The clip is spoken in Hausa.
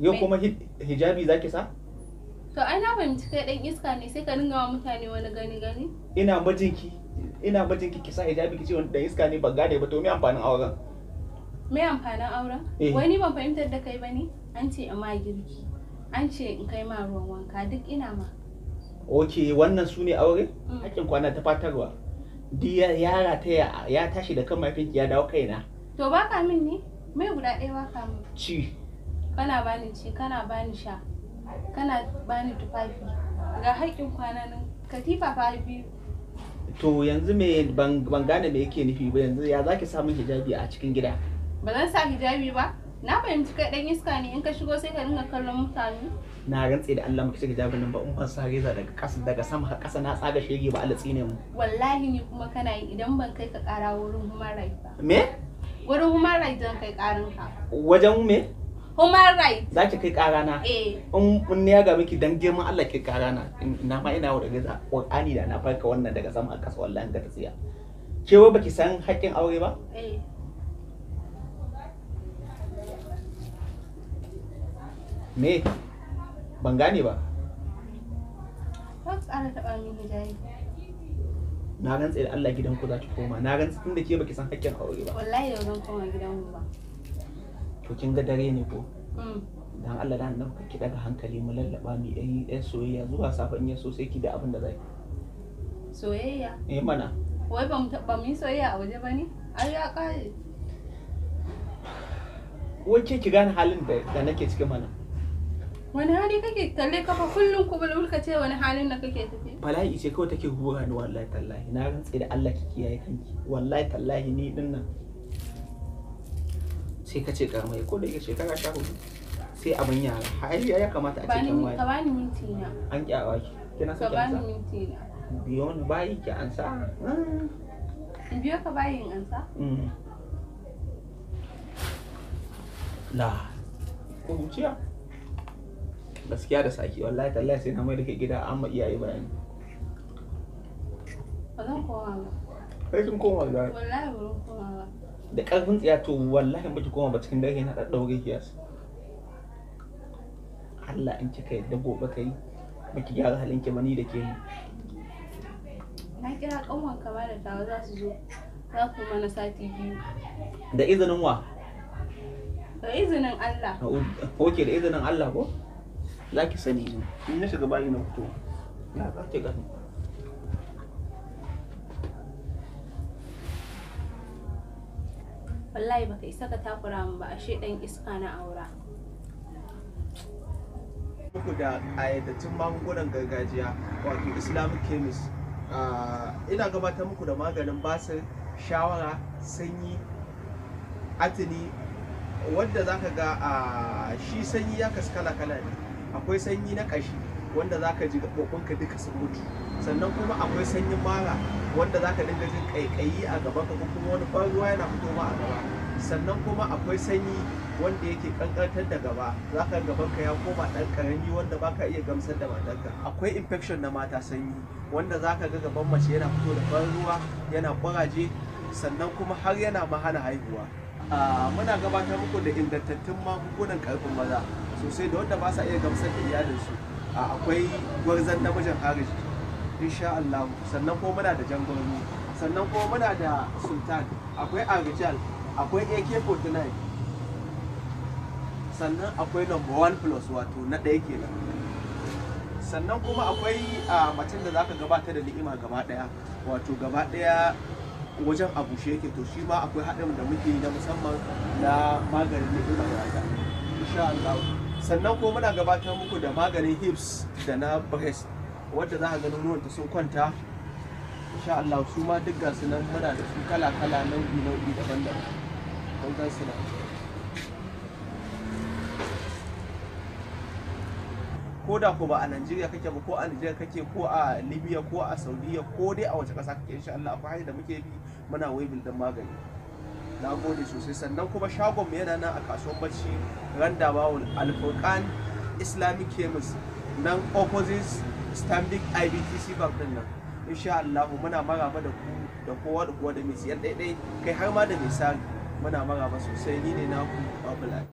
yau kuma hijabi zaki sa to ai na fahimci kai dan iska ne sai ka dinga wa mutane wani gani gani ina mijinki ina mijinki ki sa hijabi ki ce wani dan iska ne ban gane ba to me amfanin auren me amfanin auren eh. wani ban fahimtar da kai bane an ce amma girki an ce in kai ma ruwan wanka duk ina ma ok wannan su ne aure hakin mm. kwana ta fatarwa diya yara ta ya tashi da kan mafinki, ya dawo kaina to baka min ne mai guda ɗaya baka min ci kana bani ci kana bani sha kana bani tufafi ga haƙƙin kwana nan katifa fa biyu to yanzu me ban gane me yake nufi ba yanzu ya zaki samun hijabi a cikin gida ba zan sa hijabi ba na fahimci kai dan iska ne in ka shigo sai ka dinga kallon mutane na rantse da Allah muka ci hijabin nan ba in ban sa reza daga kasa daga sama har kasa na tsaga shege ba Allah tsine mu wallahi ni kuma kana yi idan ban kai ka kara wurin human rights ba me wurin human rights zan kai karin ka wajen me human right za ki kai kara na eh. in mun ne ya ga miki dan girman Allah ki kara na na ma ina da Qur'ani da na farka wannan daga sama a kasa wallahi ga tsiya ke wai baki san haƙƙin aure ba eh. me ban gane ba na rantse da Allah gidan ku za ki koma na rantse tun da ke baki san haƙƙin aure ba wallahi da zan koma gidanmu ba to kin ga dare ne ko Mm. dan Allah dan nan ki daga hankali mu lallaba mu dan ɗan soyayya zuwa safan yaso sai ki da abin da zai soyayya eh mana wai ba mu taba mu soyayya a waje bane ai ya kare wace ki gane halin da nake cikin mana wani hali kake kalle kafa kullum kubul ka ce wani halin da kake tafi bala'i ce kawai take hura ni wallahi tallahi na rantse da Allah ki kiyaye kanki wallahi tallahi ni dinnan sai ka ce mai ko da yake shekara sha hudu sai abin yara har ya kamata a cikin wani ka bani minti na an kyawa ki kina sa ka bani minti na biyon bayi ki ansa biyo ka bayi in ansa mm. la ko huciya gaskiya da saki wallahi tallahi sai na mai da ke gida an ma iyaye bayani ba zan koma ba sai kin koma da wallahi ba zan koma ba da karfin tsiya to wallahi ba ta koma ba cikin dare na daddaure ki yasu Allah in kika yadda gobe kai ba ki gyara halin ki mani da ke ni na kira kanwan ba da tawa za su zo za ku mana sati biyu da izinin wa da izinin Allah ok da izinin Allah ko za ki sani in na shiga bayi na fito na za ki gani wallahi baka isa ka takura mu? ba ashe dan iska na aura muku da ƙayatattun magungunan gargajiya wato islamic chemist ina gabatar muku da maganin basir shawara sanyi atini wadda zaka ga shi sanyi ya kaskala kala ne akwai sanyi na ƙashi wanda za ka ji gaɓoɓinka duka sun mutu sannan kuma akwai sanyin mara wanda za ka dinga jin ƙaiƙayi a gaban ka kuma wani ruwa yana fitowa a gaba sannan kuma akwai sanyi wanda yake kankantar da gaba za ka gabanka ya koma ɗan ƙarami wanda ba ka iya gamsar da matanka akwai infection na mata sanyi wanda za ka ga gaban mace yana fito da ban ruwa yana ƙwaraje sannan kuma har yana ma hana haihuwa muna gabatar muku da ingantattun magungunan karfin maza sosai da wanda ba sa iya gamsar da iyalinsu akwai gwarzon namijin harish insha Allah sannan ko muna da jangorni sannan ko muna da sultan akwai arijal akwai ak-49 sannan akwai number one plus wato na ɗaya kenan sannan kuma akwai a macen da zaka gabata da ni'ima gaba ɗaya wato gaba ɗaya wajen abu shi yake to shi ma akwai haɗin da muke yi na musamman na maganin ni'ima ya insha Allah sannan ko muna gabatar muku da maganin hips da na breast wadda za a gani nonuwanta sun kwanta insha Allah su ma duk gasu nan muna da su kala kala nau'i nau'i daban-daban don gasu nan ko da ko ba a Najeriya kake ba ko a Najeriya kake ko a Libya ko a Saudiya ko dai a wace ƙasa kake insha Allah akwai hanyar da muke bi muna waibin dan magani na gode sosai sannan kuma shagon mai yana nan a kasuwan bacci randa bawul alfurkan islamic na nan opposite stanbic ibtc bank din nan insha allahu muna maraba da ku da kowa da kowa da mai siyan daidai kai har ma da mai sa muna maraba sosai ni ne ku babu